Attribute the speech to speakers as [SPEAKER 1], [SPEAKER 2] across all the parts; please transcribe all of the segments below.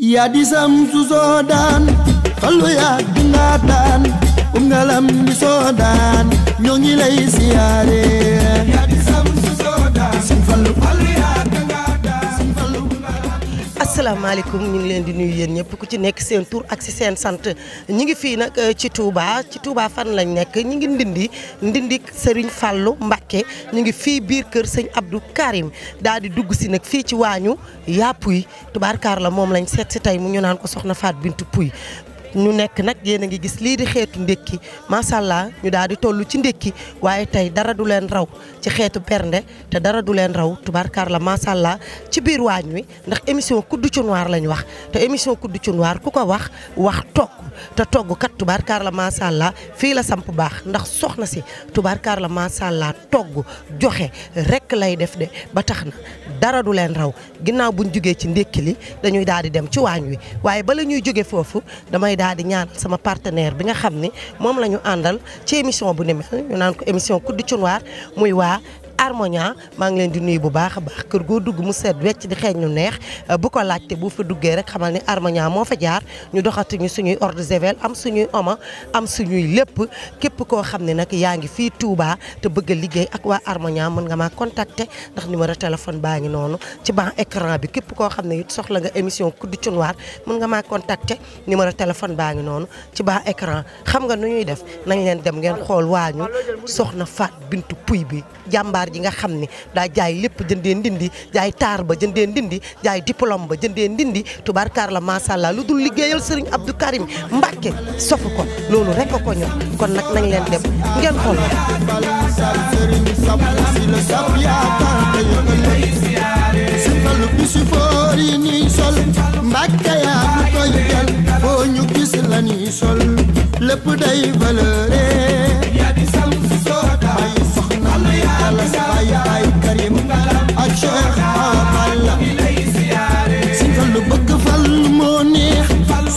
[SPEAKER 1] yadisam su soodaan fallu yaag um bi ngaataan um ngalam bi soodaan ñoo ngi lay siyaare yadisam asalaamaaleykum ñu ngi
[SPEAKER 2] leen di nuyu yéen ñëpp ku ci nekk seen tur ak si seen sant ñi ngi fii nag eh, ci Touba ci Touba fan lañ nekk ñi ngi ndindi ndindi sëriñ fàllu Mbacké ñu ngi fii biir kër sëñ Abdou Karim daal di dugg si nag fii ci waañu yaa puy tubaarkaar la moom lañ seet si tey mu ñu naan ko soxna Faat Bintu Puy ñu nekk nag yéen a ngi gis lii di xeetu ndékki macha allah ñu daal di toll ci ndékki waaye tey dara du leen raw ci xeetu bernde te dara du leen raw tubaarkaar la macha allah ci biir waañ wi ndax émission kuddu ci noir lañ wax te émission kuddu ci noir ku ko wax wax togg te togg kat tubaarkaar la macha allah fii la samp baax ndax soxna si tubaarkaar la macha allah togg joxe rekk lay def de ba tax na dara du leen raw ginnaaw buñ jógee ci ndékki li dañuy daal di dem ci waañ wi waaye ba ñuy jóge foofu daal di ñaan sama partenaire bi nga xam ni moom lañu ñu àndal ci émission bu ni mel ñu naan ko émission Kuddu Cunwaar muy waa Harmonia maa ngi leen di nuyu bu baax a baax kër goo dugg mu seet wecc di xeeñ ñu neex euh, bu ko laajte bu fa duggee rek xamal ni Harmonia moo fa jaar ñu doxatuñu suñuy ordre de javel am suñuy oma am suñuy lépp képp koo xam ne nag yaa ngi fii Touba te bëgg liggéey ak waa armoña mën nga maa contacter ndax numéro téléphone baa ngi noonu ci ban écran bi képp koo xam ne it soxla nga émission kuddu cunwaar mën nga maa contacter numéro téléphone baa ngi noonu ci ban écran xam nga nu ñuy def nañ leen dem ngeen xool waañu soxna Faat Bintu Puy bi jàmbaar ji nga xam ni daa jaay lépp jëndee ndindi jaay taar ba jëndee ndindi jaay diplôme ba jëndee ndindi tubaarkaar la maasàllaa lu dul liggéeyal sëriñ Abdou Karim Mbàkke sofu ko loolu rek a ko ñor kon
[SPEAKER 1] nag nañ leen dem ngeen xool Mbàkke yaa ñu koy jël ñu gis la ñuy sol lépp day valeur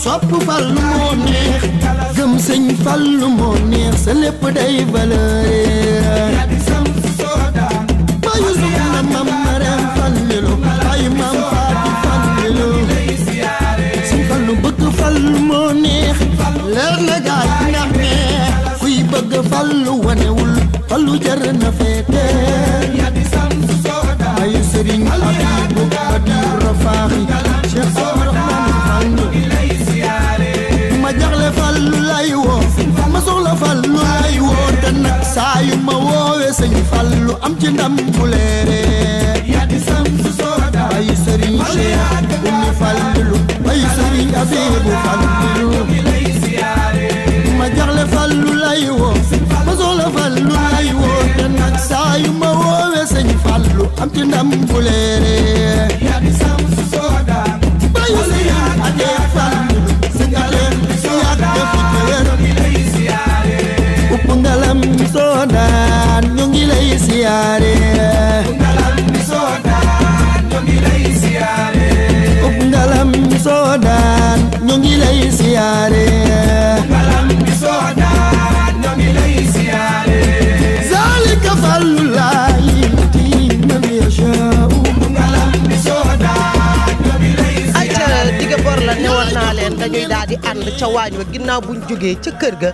[SPEAKER 1] sopp fallu moo neex gëm sëñ fallu moo neex sa lépp day valeur bayu soxna mam maram fallilu bayu mam faati fallilu sëñ fallu bëgg fallu moo kuy bëgg fallu wanewul fallu jar na sëriñ Abibu Badir Rafaaxi Cheikh Sohar Rahman Fall du ma jaxle fal lu lay woo ma soxla fal lu lay woo te nag saa yu ma woowee sëñ fal lu am ci ndam bu leere ay sëriñ Cheikh Ummi Fall lu ay sëriñ Abibu Fall lu ma jaxle fal lu lay woo am ci ndam bu leen
[SPEAKER 2] ca waañ wa ginnaaw buñ jógee ca kër ga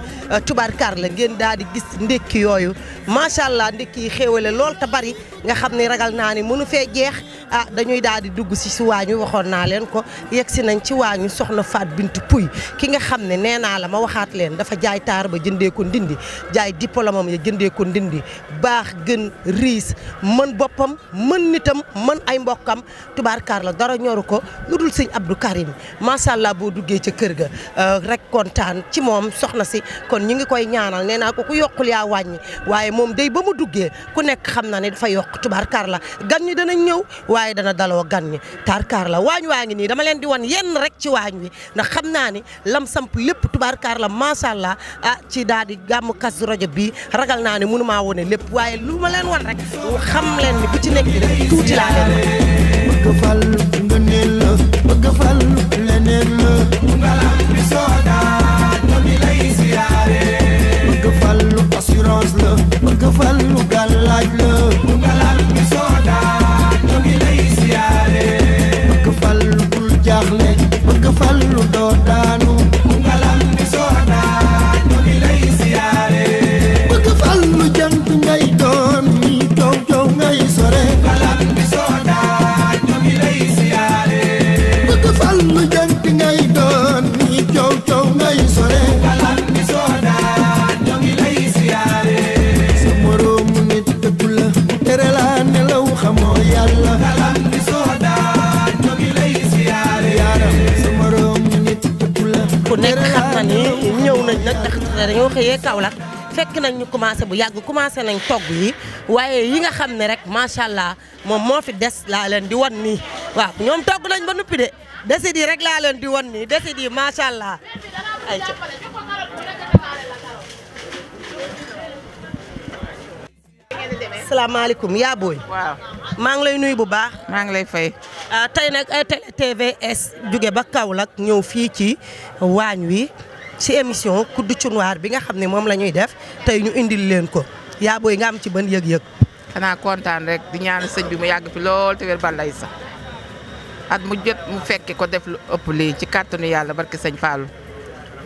[SPEAKER 2] tubaarkaar la ngeen daal di gis ndékki yooyu macha allah ndékki yi xéewale lool te bari nga xam ni ragal naa ni mënu fee jeex ah dañuy daal di dugg si si waañu waxoon naa leen ko yegg si nañ ci waañu soxna Faat Bintu Puy ki nga xam ne nee naa la ma waxaat leen dafa jaay taar ba jëndee ko ndindi jaay diplôme am ya jëndee ko ndindi baax gën riis mën boppam mën nitam mën ay mbokkam tubaar tubaarkaar la dara ñor ko lu dul sëñ Abdou Karim macha allah boo duggee ci kër ga euh, rek kontaan ci moom soxna si kon ñu ngi koy ñaanal nee naa ko ku yokkul yaa wàññi waaye moom day ba mu duggee ku nekk xam na ne dafa yokk yokk tubaarkaar la gan ni dana ñëw waaye dana daloo gan ñi kaar la waañ waa ngi nii dama leen di wan yenn rek ci waañ wi ndax xam naa ni lam samp lépp tubaarkaar la macha allah ah ci daal di gàmm rajo bi ragal naa ne mënu maa wone lépp waaye lu ma leen wan rek xam leen ni ci nekk rek tuuti laa leen bëgg fal nga neel la bëgg fal leneen
[SPEAKER 1] la assurance la bëgg fal lu gàllaaj la
[SPEAKER 2] Kaolack fekk nañ ñu commencé bu yàgg commencé nañ togg yi waaye yi nga xam ne rek macha allah moom moo fi des laa leen di wan nii waaw ñoom togg nañ ba noppi de desit yi rek laa leen di wan nii desit yi macha allah. asalaamaaleykum yaa booy. maa ngi lay nuyu bu baax. maa ngi lay fay. Ah, tey nag ay eh, Télé TVS jóge ba Kaolack ñëw fii ci waañ wi. ci émission kuddu cunuwaar bi nga xam ne moom la ñuy
[SPEAKER 3] def tey ñu indil leen ko yaa booy nga
[SPEAKER 2] am ci ban yëg-yëg.
[SPEAKER 3] xanaa kontaan rek di ñaan sëñ bi mu yàgg fi lool te wér balay sax at mu jot mu fekke ko def lu ëpp lii ci kàttanu yàlla barki sëñ Fallou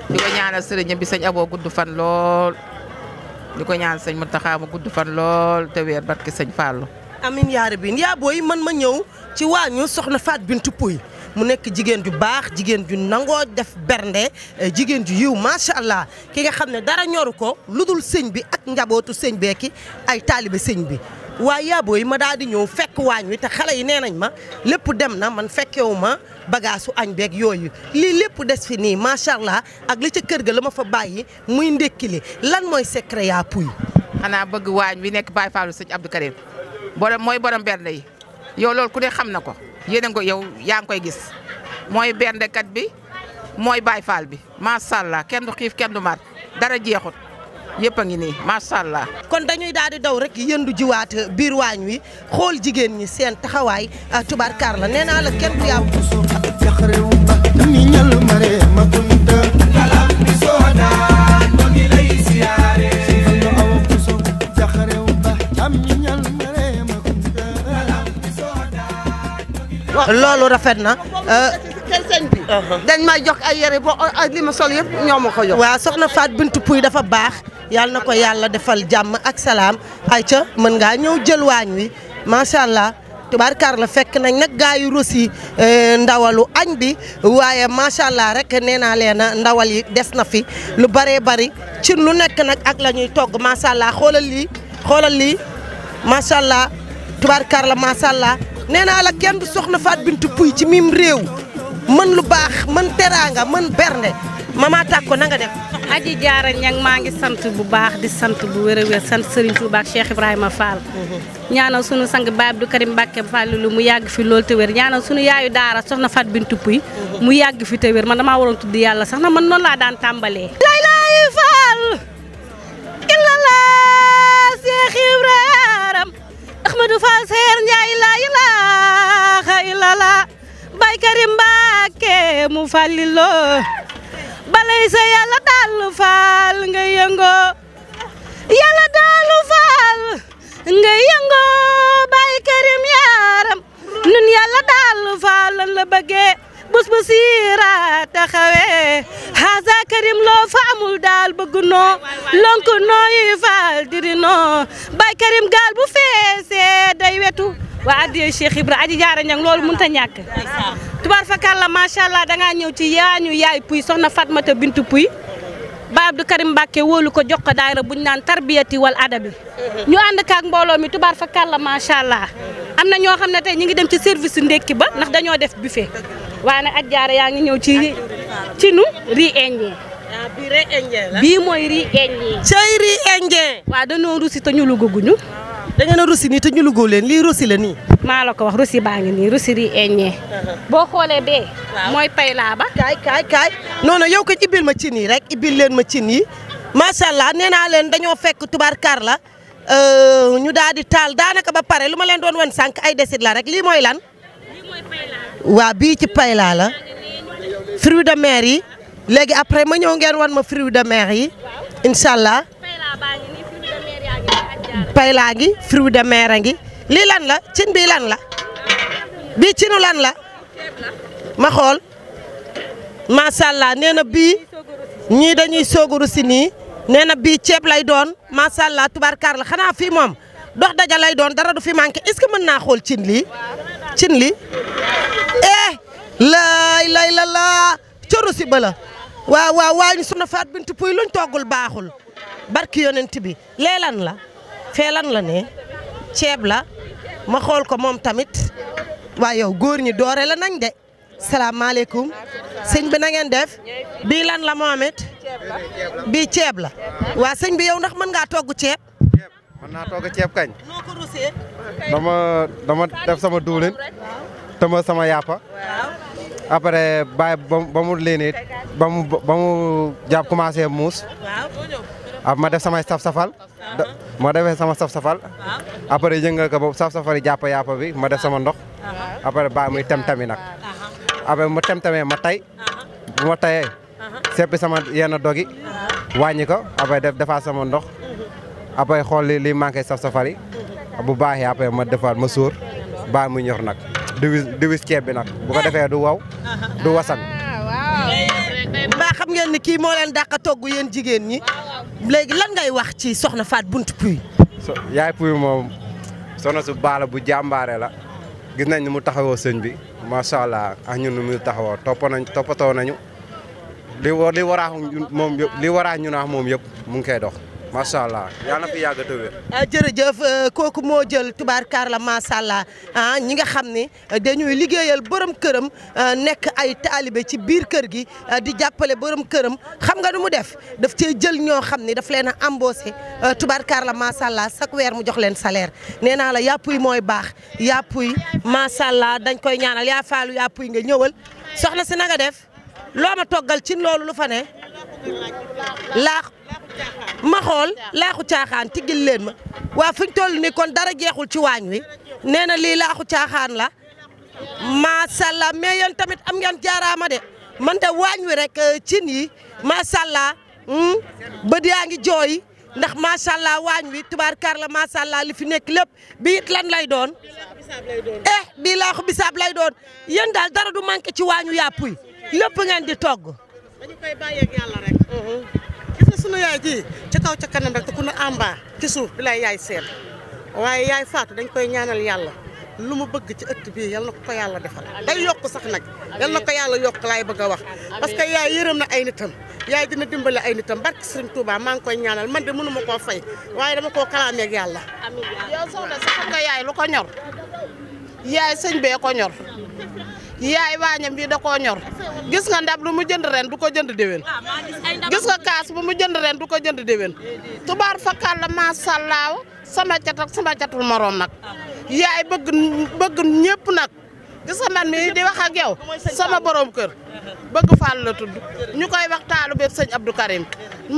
[SPEAKER 3] di ko ñaanal sëriñam bi sëñ Aboo gudd fan lool di ko ñaanal sëñ Mountakha mu gudd fan lool te weer barki sëñ Fallou.
[SPEAKER 2] amin yaa rabbi yaa mën ma ñëw ci waañu soxna Faat Bintu Pouy mu nekk jigéen ju baax jigéen ju nangoo def bernde eh, jigéen ju yiw macha allah ki nga xam ne dara ñoru ko lu dul sëñ bi ak njabootu sëñ beeki ay taalibe sëñ bi. waaye yaaboo yi ma daal di ñëw fekk waañ wi te xale yi nee nañ ma lépp dem na man fekkewu ma bagaasu añ beeg yooyu lii lépp des fi nii macha allah ak li ca kër ga la ma fa bàyyi muy ndékki lan
[SPEAKER 3] mooy secret yaa puy xanaa bëgg waañ wi nekk Baye Fallou sëñ Abdou Karim borom mooy borom bernde yi yow loolu ku ne xam na ko yéen a ngi yow yaa ngi koy gis mooy bendekat bi mooy baay faal bi macha allah kenn du xiif kenn du mar dara jeexut yëpp a ngi nii macha allah. kon dañuy daal di daw rek yëndu jiwaat biir waañ wi xool
[SPEAKER 2] jigéen ñi seen taxawaay ah, tubaarkaar la nee naa la kenn du yàlla. loolu rafet na.
[SPEAKER 1] kër euh,
[SPEAKER 2] dañ may jox ay yére boo ak li ma sol yëpp ñoo ma soxna Faat Bintou Pouye dafa baax yàlla na ko yàlla defal jàmm ak salaam ayca mën ngaa ñëw jël waañ wi macha allah. tubaarkaar la fekk nañ nag gaa yu rosi euh, ndawalu añ bi waaye macha allah rek nee naa leen ndawal yi des na fi lu bëree bëri ci lu nekk nag ak lañuy togg macha allah xoolal lii xoolal lii macha allah tubaarkaar la macha allah nee na la kenn du soxna Faat Bintou Pouye ci mim réew mën lu baax
[SPEAKER 4] mën teraanga mën bernde mama Tàkko na nga def. aji jaara ñang maa ngi sant bu baax di sant bu wér sant Serigne Touba ak Cheikh Ibrahima Fall. Mhm. ñaanal sunu sang Baye Abdou Karim Mbacke Fall lu mu yàgg fi loolu te wér ñaanal sunu yaayu daara soxna Fatou Bintou Pouye mhm. mu yàgg fi te wér man damaa waroon tudd yàlla sax na man noonu laa daan tàmbalee. lay lay Fall. la Cheikh Ibrahima. Ahmadou Fall Seer Njaay la ilaaha illallah Bay Karim Mbàkke mu fallilo balay sa yàlla daalu faal nga yëngo yàlla daalu faal nga yëngo Bay Karim yaaram nun yàlla daalu faal lan la bëggee bus bu siira taxawee haza karim loo fa daal bëgg noo lonk nooy faal diri noo bay karim gaal bu feesee day wetu waa addiyee Cheikh Ibra aji jaara ñang loolu mënut a ñàkk tubaar fakalla macha allah ñëw ci yaañu yaay puy soxna Fatmata bintu puy Baye Abdou Karim Mbacke wóolu ko jox ko daayira bu ñu naan tarbiyati wal adabi ñu ànd kaak mbooloo mi tubaar fa kàlla macha allah am na ñoo xam ne tey ñu ngi dem ci service ndékki ba ndax dañoo def buffet waaye nag ak jaara yaa ngi ñëw ci ci nu riz indien ah, bii mooy riz indien. sooy riz indien. waaw dañoo rusi te ñu lugaguñu da ngeen a russi ni te ñu lugo len li russi la ni Rusi la ko wax russi baangi ni russi ri eññee bo xoolee bee moy pay la ba kay kay non non yow ko ibil ma ci ni rek ibil len ma ni ma sha allah nee
[SPEAKER 2] len, leen fekk tubar kar la euh, ñu daadi tal taal ba pare luma len doon won sank ay desit la rek li moy lan wa bi ci pay la la fruit de mer yi léegi après ma ñëw ngeen won ma fruit de mer yi allah paylaa ngi fruit de mer a ngi lii lan la cin bii lan la bii cinu lan la ma xool macha allah nee na bii ñii dañuy soogaru si nii nee na bii ceeb lay doon macha allah tubaarkaar la xanaa fii moom dox daja lay doon dara du fi manqué est-ce que mën naa xool cin lii cin lii eh laay lay la laa coro si ba la waaw waaw waaw ñu sunu faat bintu puy luñ toggul baaxul barki yonent bi lee lan la feelan la ne ceeb la ma xool ko moom tamit waa yow góor ñi doore la nañ de salaamaaleykum sëñ bi na ngeen def bii lan la Mohamed bii ceeb la waa sëñ bi yow ndax mën ngaa togg ceeb. mën naa togg ceeb kañ. dama
[SPEAKER 5] dama def sama duulin tëmb sama yàppa après bàyyi ba mu léenee ba mu ba commencé muus ab ah, ma def samay saf safal ma defee sama saf safal après yëngal ko boobu saf safal yi jàpp yàpp bi ma def sama ndox uh-huh. après ba muy tem tami nag uh-huh. après mu tem tamee ma tay uh-huh. bu ma tayee seppi sama yenn dogi wàññi ko après def defaat sama ndox après xool li li manqué saf safal bu baaxee après ma defaat ma suur ba muy ñor nag diwis diwis ceeb bi nag bu ko defee du waw du wasan ah,
[SPEAKER 2] mbaa xam ngeen ni kii moo leen dàq a togg yéen jigéen ñi léegi lan ngay wax ci soxna Faat Bunt Puy
[SPEAKER 5] yaay Puy moom soxna su baala bu jàmbaare la gis nañ ni mu taxawoo sëñ bi macha allah ak ñun nu mu taxawoo topp nañ toppatoo nañu li war li waraax moom yëpp li ñu naax moom yëpp mu ngi koy dox macha allah yaa na fi yàgg te wér.
[SPEAKER 2] Ah, jërëjëf euh, kooku moo jël tubaarkaar la macha allah ah ñi nga xam ne euh, dañuy liggéeyal borom këram euh, nekk ay taalibe ci biir kër gi di jàppale borom këram xam nga nu mu def daf cee jël ñoo xam ni daf leen a embauché tubaarkaar la macha allah chaque weer mu jox leen saleer nee naa la yàpp yi mooy baax yàpp yi macha allah dañ koy ñaanal yaa faalu yàpp yi nga ñëwal soxna si na nga def loo toggal ci loolu lu fa ne laax ma la laaxu caaxaan tiggil len ma wa fuñ toll ni kon dara jeexul ci wañ wi neena li la tiaxan la ma sala me yon tamit am ngeen jaarama de man de wañ wi rek euh, cin yi macha allah hmm, bët yaa yaangi joy ndax ma sala wañ wi tubaarkaar la ma sala li fi nek lepp bi it lan lay doon. eh la laaxu bisab lay doon yeen dal dara du manke ci wañu ngeen di togg. koy ak yalla rek. sunu yaay ji ci kaw ca kanam
[SPEAKER 3] rek ku ne amba ci suuf bi lay yaay seen waaye yaay faatu dañ koy ñaanal yàlla lu mu bëgg ci ëtt bii yal na ko yàlla defal day yokk sax nag yal na ko yàlla yokk laay bëgg a wax
[SPEAKER 2] parce que yaay yërëm na
[SPEAKER 3] ay nitam yaay dina dimbale ay nitam barke Sëriñ Touba maa ngi koy ñaanal man de mënu ma koo fay waaye dama koo kalaameeg yàlla yow soxna sa nga yaay lu ko ñor yaay sëñ bee ko ñor yaay waañam bi da koo ñor gis nga ndab lu mu jënd ren du ko jënd déwén gis nga kaas bu mu jënd ren du ko jënd déwén tubaar fakkaat la masallaaw sama cat ak sama catul moroom nag yay bëgg bëgg ñëpp nag gis nga man mi di wax ak yow sama borom kër bëgg Fall la tudd ñu koy wax taalu bi sëñ Abdou Karim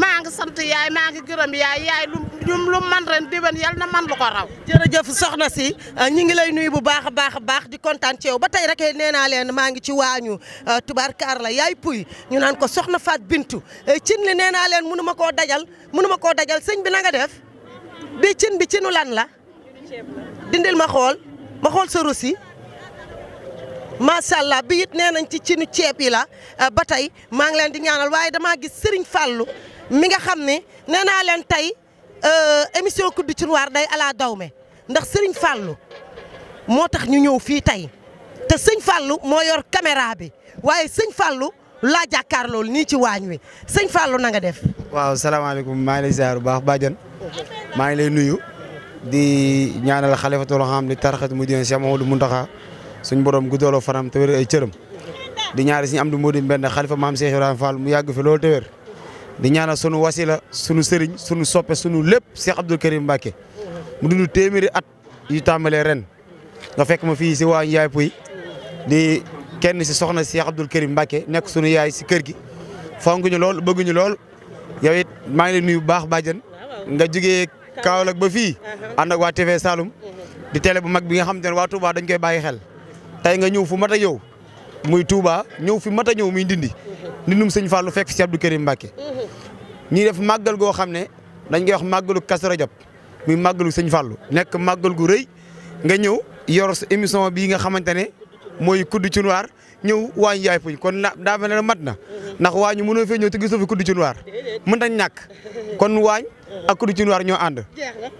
[SPEAKER 3] maa ngi sant yaay maa ngi gërëm yaay yaay lu ñum man ren diban yal na man lu ko raw. jërëjëf soxna si euh, ñu ngi lay nuyu
[SPEAKER 2] bu baax a baax a baax di kontaan ci yow ba tey rek nee naa leen maa ngi ci waañu euh, tubaarkaar la yaay puy ñu naan ko soxna Faat Bintu euh, cin li nee naa leen mënu ma koo dajal mënu ma koo dajal sëñ bi na nga def bi cin bi cinu lan la dindil ma xool ma xool sa rosi macha allah bi it nee nañ ci cin ceeb yi la euh, ba tey maa ngi leen di ñaanal waaye damaa gis Serigne Fallou mi nga xam ne nee naa leen tey euh, émission Kuddu Thiounwar day ala dawme ndax Serigne Fallou moo tax ñu ñëw fii tey te sëñ Fallou moo yor caméra bi waaye sëñ fallu laa jàkkaar loolu nii ci waañ wi sëñ Fallou nanga def.
[SPEAKER 6] waaw salaamaaleykum maa ngi lay ziar bu baax Badiane maa ngi lay nuyu di ñaanal xalifatul xam di taraxat mu jëm Cheikh mu Mountakha suñ borom guddaloo fanam te wér ay cërëm di ñaar suñu am du moo di benn xalifa maam Cheikh Ibrahima Fall mu yàgg fi loolu te wér di ñaanal sunu wasila sunu sëriñ sunu soppe sunu lépp Cheikh Abdoul Karim Mbacké mu dund téeméeri at yu tàmbalee ren nga fekk ma fii si waa Ndiaye Pouy di kenn si soxna Cheikh Abdoul Karim Mbacké nekk sunu yaay si kër gi fonkuñu lool bëgguñu lool yow it maa ngi lay baax bàjjen nga jugee Kaolack ba fii ànd ak waa TV Saloum di télé bu mag bi nga xam te ne waa dañ koy bàyyi xel tey nga ñëw fu mat a yow muy Touba ñëw fi mat a ñëw muy Ndindi ndindum sëñ Fallou fekk fi si Abdou Karim Mbacke
[SPEAKER 1] mhm.
[SPEAKER 6] ñuy def màggal goo xam ne dañ koy wax màggalu Kazu Rajab muy màggalu sëñ Fallou nekk màggal gu rey nga ñëw yor sa émission bi nga xamante ne mooy kudd ci noir ñëw waañu yaay puñ kon daa mel ne mat na mhm. ndax waañu mënoo fee ñëw te gisoo fi kudd ci noir mën nañ ñàkk kon waañ a kudd ci ñoo ànd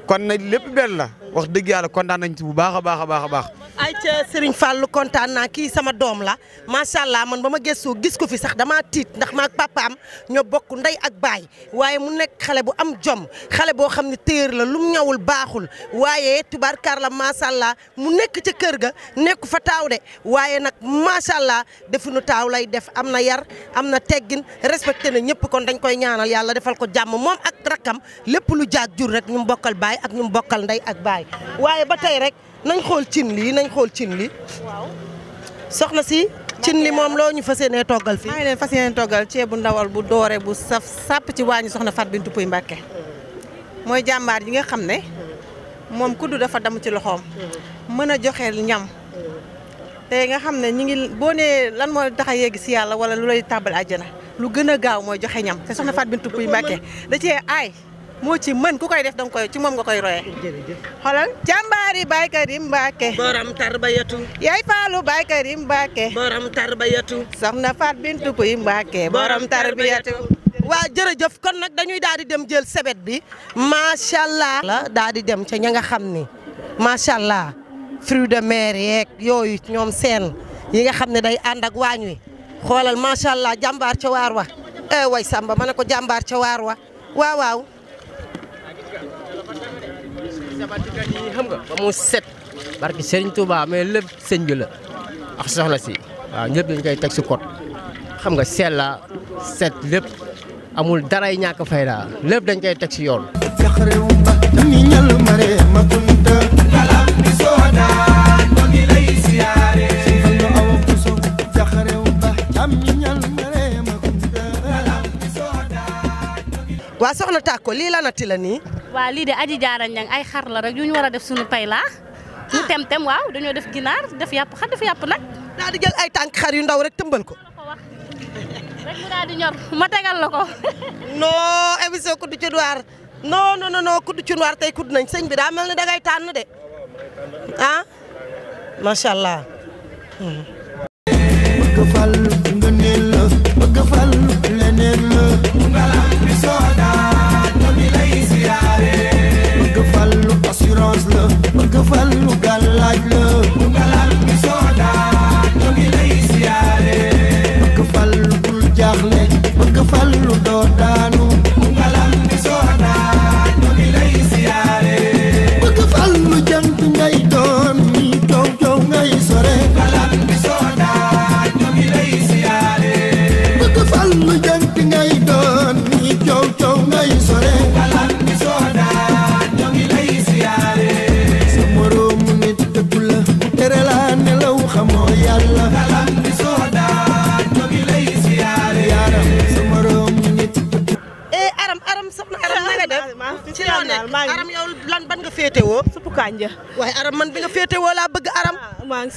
[SPEAKER 6] kon nag lépp benn la wax dëgg yàlla kontaan nañ ci bu baax a baax a baax a baax
[SPEAKER 2] ay ca Serigne Fallou kontaan naa kii sama doom la macha allah man ba ma gëstoo gis ko fi sax damaa tiit ndax maak papaam ñoo bokk ndey ak baay waaye mu nekk xale bu am jom xale boo xam ne téer la lu ñawul baaxul waaye tubaarkaar la macha allah mu nekk ca kër ga nekku fa taaw de waaye nag macha allah defu nu taaw lay def am na yar am na teggin respecté na ñëpp kon dañ koy ñaanal yàlla defal ko jàmm moom ak rakkam lépp lu jaag jur rek ñu bokkal baay ak ñu bokkal ndey ak baay nañ xool cin lii nañ xool cin lii. waaw soxna si. cin li moom loo ñu fas yéenee toggal fii. maa ngi leen fas yéenee toggal ceebu ndawal bu doore bu saf sàpp ci waa waañu soxna Fatou Bintou Pouye Mbacké mooy jàmbaar yi nga xam ne moom kuddu dafa damu ci loxoom. mën a joxe ñam. te nga xam ne ñu ngi boo nee lan mooy tax a yegg si yàlla wala lu lay tàbbal àjjana lu gën a gaaw mooy joxe ñam te soxna Fatou Bintou Pouye Mbacké da cee aay. moo ci mën ku koy def danga koy ci moom nga koy royee xoolal jàmbaari Baye Karim Mbacke borom tarbiyatu yaay faalu Baye Karim Mbacke borom tarbiyatu soxna Fat Bintou Pouye Mbacke borom tarbiyatu waa jërëjëf kon nag dañuy daal di dem jël sebet bi macha allah la daal di dem ca ña nga xam ni macha allah fruits de mer yeeg yooyu ñoom seen yi nga xam ne day ànd ak waañ wi xoolal macha allah jàmbaar ca waar wa eh way Samba ma ne ko jàmbaar ca waar wa waaw sabartikat yi xam
[SPEAKER 3] nga si dañ koy teg si xam nga
[SPEAKER 2] seet la set lépp amul daray ñàkk lépp dañ koy teg si yoon waa soxna Tako lii lanati la nii
[SPEAKER 4] waaw lii de aji jaara ñang ay xar la rek yu ñu war a def suñu pay laa ñu tem tem waaw dañoo def ginaar def yàpp xar def yàpp nag. daal di jël ay tànk xar yu
[SPEAKER 2] ndaw rek tëmbal ko.
[SPEAKER 4] rek mu daal di ñor
[SPEAKER 2] ma tegal la ko. non émission kuddu ci noir non non kuddu ci noir tey kudd nañ sëñ bi daa mel ne dangay tànn de ah macha allah. Hmm.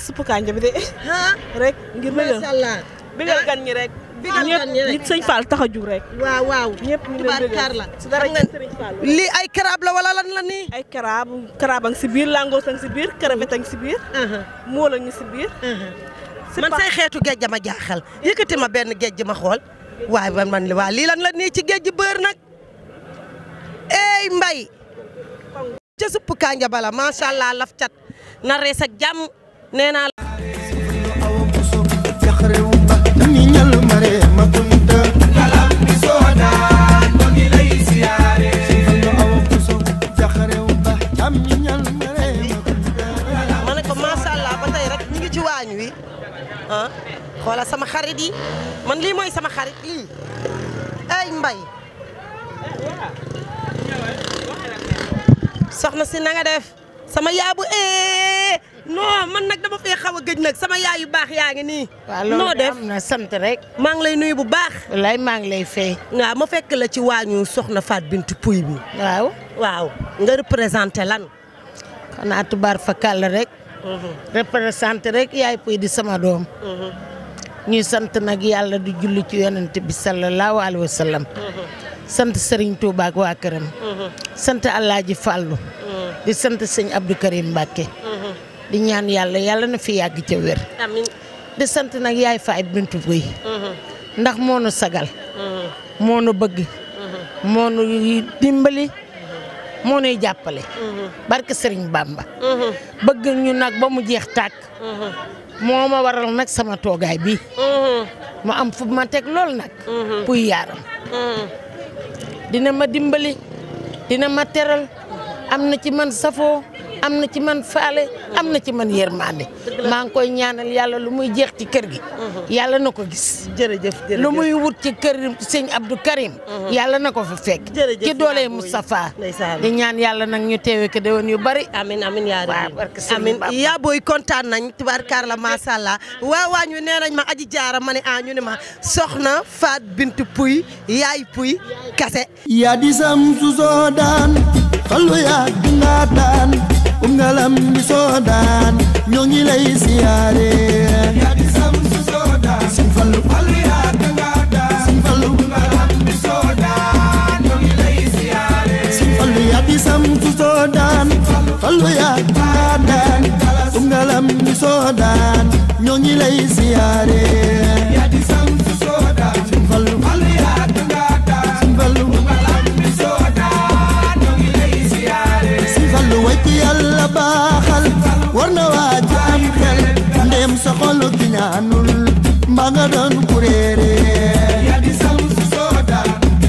[SPEAKER 2] suppu kanja bi de rek ngir bëggal bëggal kan ñi rek bëggal kan ñi rek nit
[SPEAKER 4] seigne fall taxa ju rek waaw waaw ñepp ñu barkar la su dara seigne
[SPEAKER 2] fall li ay
[SPEAKER 4] crab la wala lan la ni ay crab crab ang ci bir lango sang ci bir crevette ang ci bir
[SPEAKER 2] mo la ñu ci bir man say xeetu gejj ma jaaxal yëkëti ma benn gejj ma xool waay man man li waa lii lan la nii ci gejj beur nak ey mbay ca supp kanja bala masha allah laf cat na rees ak jàmm nee naa sama xarit yi man lii mooy sama xarit lii ay eh, mbay soxna si na nga def sama yaabu eh non man nag dama fee xaw a gëj nag sama yaay yu baax yaa ngi nii. waa def
[SPEAKER 3] am sant rek. maa ngi lay nuyu
[SPEAKER 2] bu baax. wallaay maa ngi lay fay. waaw ma fekk la ci waañu soxna Faat Bintu Puy bi. waaw
[SPEAKER 3] nga représenté lan. xanaa tubaar fa kàll rek. Mhm. représenté rek yaay puy di sama doom. Mhm. ñuy sant nag yàlla di julli ci yonent bi sallallahu alayhi wa sallam. Mhm. sant Serigne Touba ak waa këram. sant Alaaji Fàllu di sant sëñ Abdou Karim di ñaan yàlla yàlla na fi yàgg ca wér. di sant nag yaay faay bintu buy. ndax moonu sagal. moonu nu bëgg. moo nu dimbali. moo nuy jàppale. barke Serigne Bamba. bëgg ñu nag ba mu jeex tàkk. moo ma waral nag sama toogaay bi mu am ma teg lool nag. puy yaaram. dina ma dimbali dina ma teral am na man safoo. am na ci man faale am na ci man yërmande maa ngi koy ñaanal yàlla lu muy jeex ci kër gi mhm. yàlla na ko gis jërëjëf lu muy wut ci kër sëñ Abdou Karim mhm. yàlla na ko fa fekk ci doole Moustapha di ñaan yàlla nag ñu teewe ko déwén yu bari amin amin yaa amin yaa booy kontaan
[SPEAKER 2] nañ tibaar kaar la macha allah waaw waaw ñu nee nañ ma aji jaara ma ne a ah, ñu ne ma soxna
[SPEAKER 1] Faat bint Puy yaay Puy Kase yaa di sam daan xalu yaa dinaa daan um ngalam bi soodaan ñoo ngi lay siyaare yaa di sam su soodaan sin fallu fallu yaa ka nga daan sin fallu um ngalam bi soodaan ñoo ngi lay siyaare sin fallu yaa di sam su soodaan fallu yaa ka nga daan um ngalam bi soodaan ñoo ngi lay siyaare yaa di sam su soodaan sin fallu fallu bornawaati am xel ndem sa xol gi ñaanul ma nga doon kuréere yadi sam soda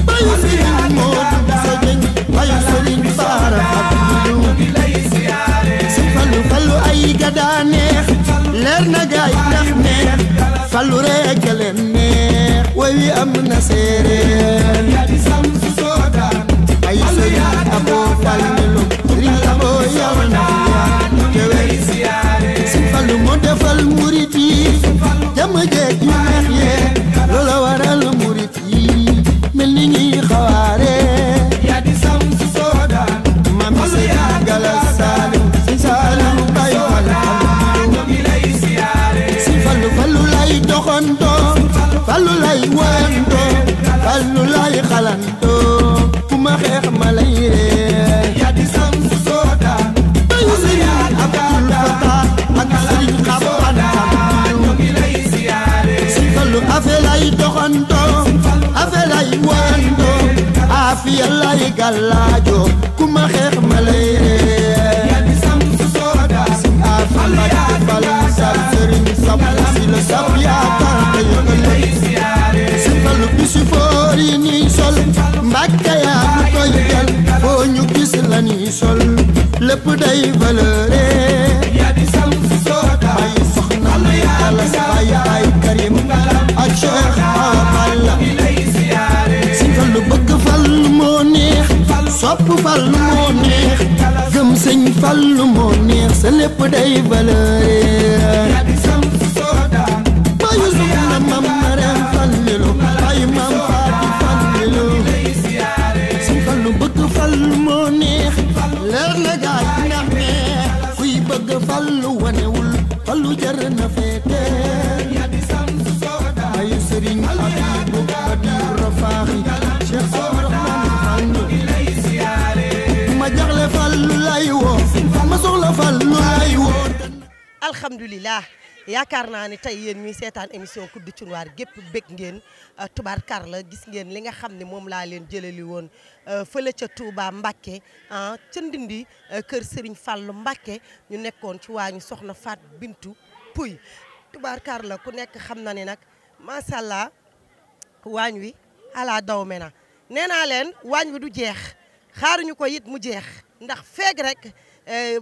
[SPEAKER 1] bayu sëriñ moo dugg sa jëñ bayu sëriñ faara abdu si fallu fallu ay gadaa neex leer na gaay ndax neex fallu rekk leen neex way wi am na séeréer gàllaajoo ku ma xeex ma lay ree si afa ma yi nii sol mbàkka yaa ñu koy jël foo ñu gis la nii sol lépp day valeur topp Fallu moo neex gëm sëñ Fallu moo neex sa lépp mam mareem Fallilu bayu mam faati Fallilu sëñ bëgg Fallu moo neex leer na gaay ndax neex kuy bëgg Fallu wanewul Fallu jar na fee
[SPEAKER 2] alhamdulilah yaakaar naa ne tey yéen ñuy seetaan émission kuddu cunwaar gépp bég ngeen euh, tubaarkar la gis ngeen li nga xam ne moom laa leen jëlali woon euh, fële ca Touba Mbakke ah ca Ndindi euh, kër Serigne Fallou Mbakke ñu nekkoon ci waañu soxna Faat Bintu Puy tubaarkar la ku nekk xam na ne nag macha allah waañ wi ala daw me na nee naa leen waañ wi du jeex xaaruñu ko it mu jeex ndax feeg rek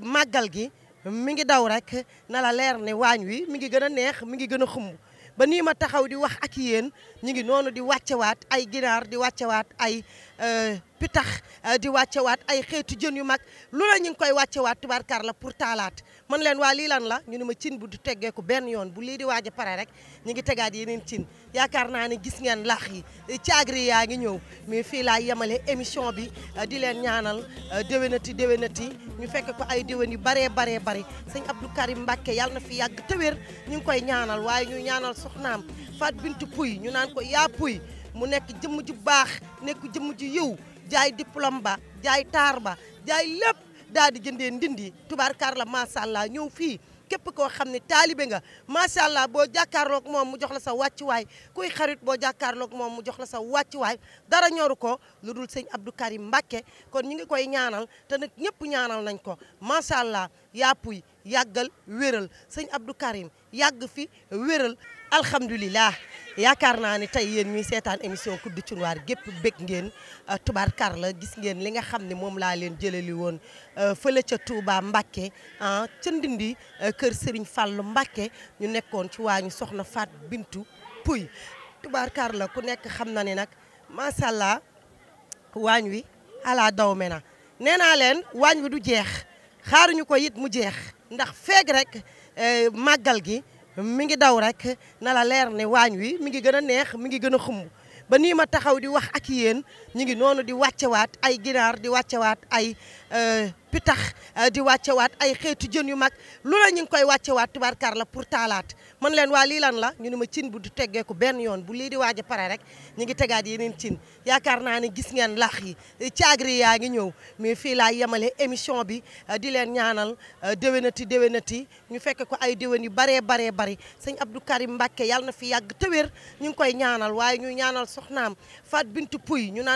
[SPEAKER 2] màggal gi mi ngi daw rek na la leer ne waañ wi mi ngi gën a neex mi ngi gën a xumb ba nii ma taxaw di wax ak yéen ñi ngi noonu di waat ay ginaar di waat ay euh, pitax euh, di wàccewaat ay xeetu jën yu mag lu la ñu ngi koy waat wàccewaat kar la pour taalaat man leen waa lii lan la ñu ne ma cin bu du teggeeku benn yoon bu lii di waaj pare rek ñu ngi tegaat yeneen cin yaakaar naa ne gis ngeen lax yi eh, caagri yaa ngi ñëw mais fii laa yemale émission bi eh, di leen ñaanal eh, déwénati déwénati ñu fekk ko ay déwén yu baree baree bari sëñ Abdou Karim Mbacke yàlla na fi yàgg te ñu ngi koy ñaanal waaye ñu ñaanal soxnaam Fat Bintu Puy ñu naan ko yaa Puy mu nekk jëmm ju baax nekk jëmm ju yiw jaay diplôme ba jaay taar ba jaay lépp daal di jëndee ndindi tubaarkaar la macha allah ñëw fii képp koo xam ne taalibe nga macha allah boo jàkkaarloog moom mu jox la sa wàccuwaay kuy xarit boo jàkkaarloog moom mu jox na sa wàccuwaay dara ñor ko lu dul sëñ Abdou Karim Mbacke kon ñu ngi koy ñaanal te nag ñëpp ñaanal nañ ko macha allah yàppuy yàggal wéral sëñ Abdou Karim yàgg fi wéral alhamdulilah yaakaar naa ne tey yéen ñuy seetaan émission coupe du Thiounwar gépp bég ngeen euh, tubaarkar la gis ngeen li nga xam ne moom laa leen jëlali woon euh, fële ca Touba Mbacké ah ca Ndindi euh, kër Serigne Fallou Mbacké ñu nekkoon ci waañu soxna Fat Bintu Pouy tubaarkar la ku nekk xam na ne nag macha allah waañ wi ala daw me na nee naa leen waañ wi du jeex xaaruñu ko it mu jeex ndax feeg rek màggal gi mi ngi daw rek na la leer ne waañ wi mi ngi gën a neex mi ngi gën a xumb ba nii ma taxaw di wax ak yéen ñu ngi noonu di waat ay ginaar di wàccewaat ay euh, pitax euh, di wàccewaat ay xeetu jën yu mag lu la ñu ngi koy waat wàccewaat kar la pour taalaat man leen waa liilan la ñu ne ma cin bu di teggee ko benn yoon bu lii di waaj a pare rek ñu ngi tegaat yeneen cin yaakaar naa ne gis ngeen lax yi caagri yaa ngi ñëw mais fii laa yemale émission bi euh, di leen ñaanal déwénati déwénati ñu fekk ko ay déwén yu baree baree bari sëñ Abdou Karim Mbacke yàlla na fi yàgg te ñu ngi koy ñaanal waaye ñu ñaanal soxnaam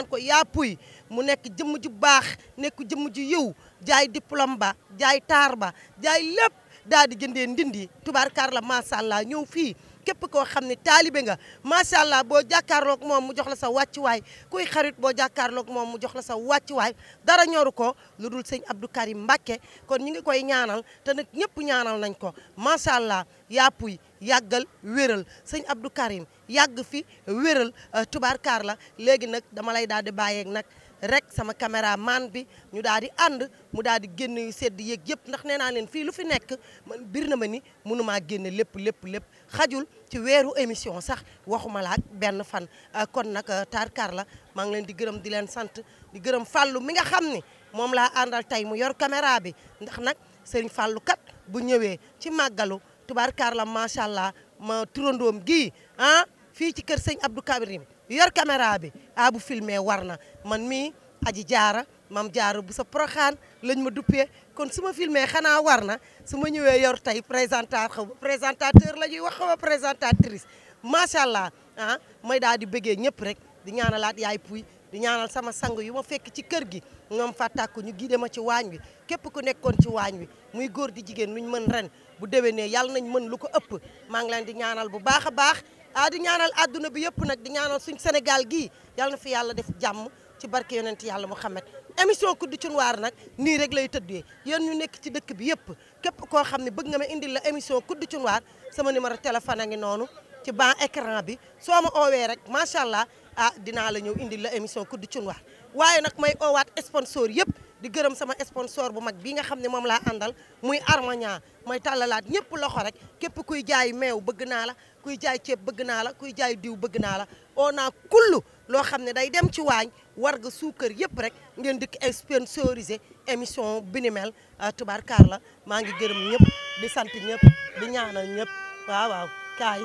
[SPEAKER 2] ko yaa puy mu nekk jëmm ju baax nekk jëmm ju yiw jaay diplôme ba jaay taar ba jaay lépp daal di jëndee ndindi tubaarkaar la macha allah ñëw fii képp koo xam ne taalibe nga macha allah boo jàkkaarloog moom mu jox la sa wàccuwaay kuy xarit boo jàkkaarloog moom mu jox la sa waay dara ñor ko lu dul sëñ Abdou Karim Mbacké kon ñu ngi koy ñaanal te nag ñëpp ñaanal nañ ko macha allah yàppuy yàggal wéral sëñ Abdou Karim yàgg fi wéral euh, tubaarkaar la léegi nag dama lay daal di bàyyeeg nag. rek sama caméraman bi ñu daal di ànd mu daal di génn yu sedd yéeg yep ndax neena len fi lu fi nek man bir ma ni mënumaa genn lepp lepp lepp xajul ci wéru émission sax waxuma la ben fan euh, kon nag euh, la ma ngi len di gëreum di len sant di gëreum fallu mi nga xamni mom la andal tay mu yor kamera bi ndax nak serigne fallu kat bu ñëwé ci magalu tubaarkaar la macha allah ma turondom gi ah fi ci kër serigne Abdou kabirim yor caméra bi abu ah, bu filmé war na man mi aji jaara mam jaara bu sa proxaan lañ ma duppee kon su ma filmé xanaa war na su ma ñëwee yor tey présentateur xaw ma présentateur la ñuy wax xaw ma présentatrice macha allah ah may daal di bëggee ñëpp rek di ñaanalaat yaay puy di ñaanal sama sang yu ma fekk ci kër gi ñoom fàttàkku ñu gide ma ci waañ wi képp ku nekkoon ci waañ wi muy góor di jigéen luñ mën ren bu déwénee yàlla nañ mën lu ko ëpp maa ngi leen di ñaanal bu baax a baax ah di ñaanal àdduna bi yëpp nag di ñaanal suñ Sénégal gii yal na fi yàlla def jàmm ci barke yonent yàlla Muhammad émission Kuddu Cunwaar nag nii rek lay tëddee yéen ñu nekk ci dëkk bi yëpp képp koo xam ne bëgg nga ma indil la émission Kuddu Cunwaar sama numéro téléphone a ngi noonu ci ban écran bi soo ma owee rek macha allah ah dinaa la ñëw indil la émission Kuddu Cunwaar waaye nag may oowaat sponsor yëpp. di gërëm sama sponsor bu mag bi nga xamne mom la andal muy armagna moy talalat ñepp loxo rek képp kuy jaay mew bëgg na la kuy jaay ceeb bëgg na la kuy jaay diiw bëgg na la on a kullu loo day dem ci wañ war su kër yépp rek ngeen dik sponsoriser émission bi ni mel ah, tubaarkaar la ma ngi gërëm ñepp di sant ñepp di ñaanal ñepp waaw waaw kay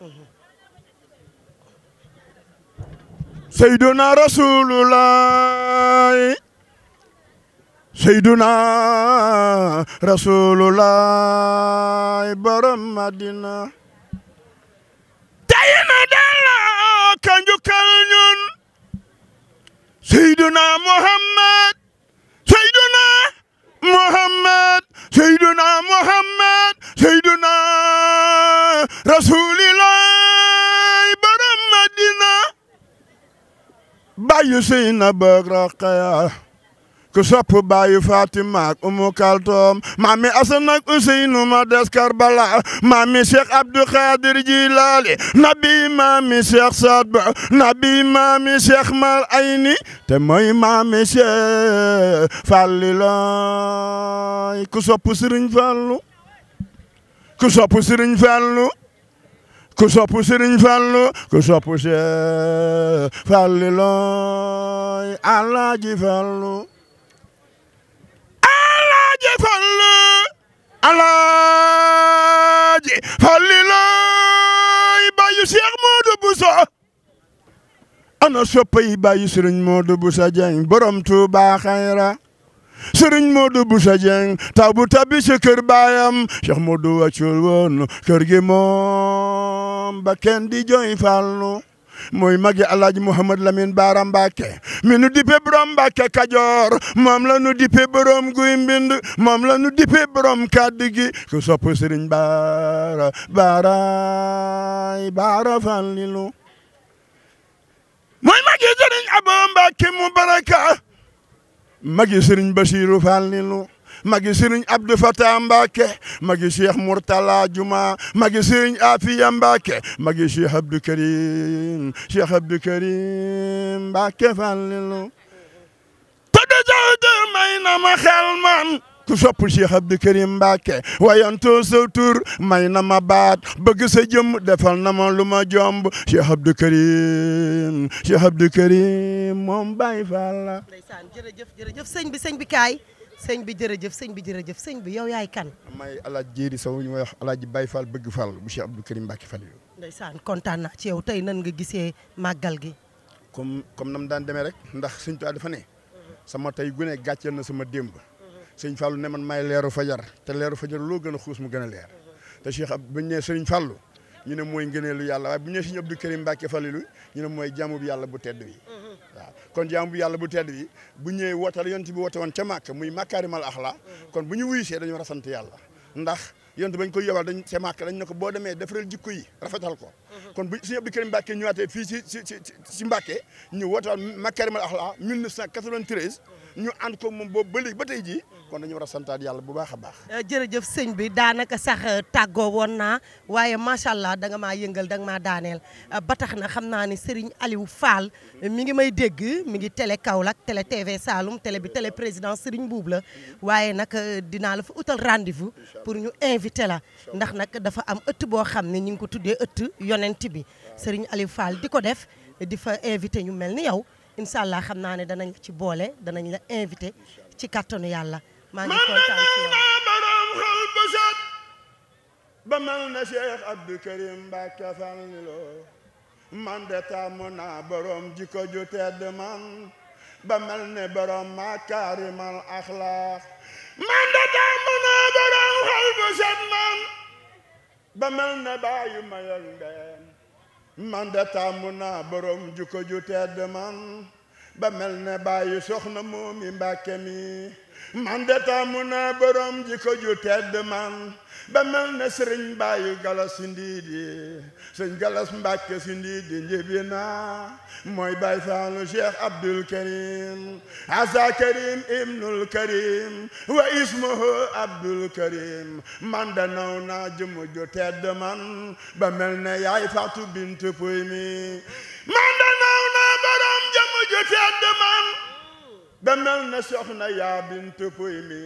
[SPEAKER 2] mhm.
[SPEAKER 7] Seydona Rasulullah sayduna rasulullah borom Madina tey nu delloo ka njukkal Muhammad sayduna Muhammad sayduna Muhammad sayduna Madina bàyyi Seynab ak ku sopp baayu Fatima ak Umu Kaltoom maami Asan ak Useynu ma des Karbala maami Cheikh Abdou Khadir Jilaali nabi maami Cheikh Saad Ba nabi maami Cheikh Mal Ayni te mooy maami Cheikh Fallilay ku sopp Sëriñ Fallu ku sopp Sëriñ Fallu ku sopp Sëriñ Fallu ku sopp Cheikh Fallilay Alaaji Fallu alaaji fallu alaaji falli looy bàyyu Cheikh Modou Bousso ana soppa yi bàyyu sëriñ Modou Bousso Dieng borom Touba xayra sëriñ Modou Bousso Dieng taw bu tabbi ci kër baayam Cheikh Modou wàccul woon kër gi moom ba kenn di jooy fallu mooy magi alaaji Mouhamad Lamine Baara Mbacke mi nu dippe borom Mbacke Kajoor moom la nu dippe borom guy mbind moom la nu dippe borom kàddu ku sopp Serigne Baara Baaraay Baara Fallilu mooy magi Serigne Abo Mbacke mu baraka magi Serigne Basiru Fallilu magi sëriñ Abdou Fatah Mbacke magi Cheikh Mourtala Juma magi sëriñ Afia Mbacke magi Cheikh Abdou Karim Cheikh Abdou Karim Mbacke Fallilu tëdd jawde may na ma xel man ku sopp Cheikh Abdou Karim Mbacke wayantoo sa tur may na ma baat bëgg sa jëm defal na ma lu ma jomb Cheikh Abdou Karim Cheikh Abdou Karim moom Baye la.
[SPEAKER 2] sëñ bi jërëjëf sëñ bi jëf sëñ bi yow yaay kan.
[SPEAKER 7] may alaaj jéeri saw ñu wax alaaj bay fal bëgg Fall bu Cheikh Abdou Karim Mbacke Fall yooyu. ndeysaan kontaan naa ci tey nan nga gisee màggal gi. comme comme nam daan demee rek ndax sëñ dafa ne. sama tey gune gàcceel na sama démb. sëñ Fallou ne man maay leeru fajar te leeru fajar loo gën a xuus mu gën a leer. te Cheikh ab bu ñu nee ñu ne mooy ngëneelu yàlla waaye bu ñu nee sëñ Abdou Karim Mbacke Fall lu ñu ne mooy jaamu bi yàlla bu tedd bi kon jaamu yàlla bu tedd bi bu ñëwee woote la bi woote woon ca Màkka muy màkkaarimal axla kon bu ñu wuyusee dañu war a sant yàlla ndax yonent bañ koy yobal dañ ca Màkka dañ ne ko boo demee defaral jikko yi rafetal ko mhm. kon bu suñu Abdou Karim Mbàkke ñëwaatee fii si si si si Mbàkke ñu woote woon màkkaarimal axla ñu ànd ko moom boobu ba ba tey jii kon dañu war a santaat yàlla bu baax a baax
[SPEAKER 2] euh, jërëjëf sëñ bi daanaka sax euh, tàggoo woon naa waaye macha allah da nga maa yëngal danga nga maa daaneel euh, ba tax na xam naa ni Serigne Aliou Fall mu ngi may dégg mi ngi télé Kaolack tele TV Saloum télé bi télé président Serigne Boub la waaye nag dinaa la fa utal rendez-vous pour ñu invité la ndax nag dafa am ëtt boo xam ne ñu ngi ko tuddee ëtt yonent bi Serigne Aliou Fall di ko def di fa invité ñu mel ni yow incha allah xam naa ne danañ ci boole danañ la invité ci kàttanu yàlla maa ngi kontaan ci
[SPEAKER 7] mel na Cheikh Abdou Karim Mbacké fal ni man de taamu naa borom jikko ju tedd man ba mel ne borom makaarimal axlaaq man de taamu naa borom xol bu man ba mel ne baayu ma yëg man de tàmm naa borom jukko ju tedd man ba mel ne bàyyi soxna moomi mbàkke mi man de taamu naa borom jikko ju tedd man ba mel ne sëriñ bàyyi ndiidi sëñ galas ndiidi njibi mooy bay faalu cheikh abdul karim asa karim ibnul karim wa ismuhu abdul karim man de naw naa jëmu ju tedd man ba mel ne yaay fatu bint puy mi man de naw naa borom jëmu ju tedd man ba mel na soxna yaa bint puy mi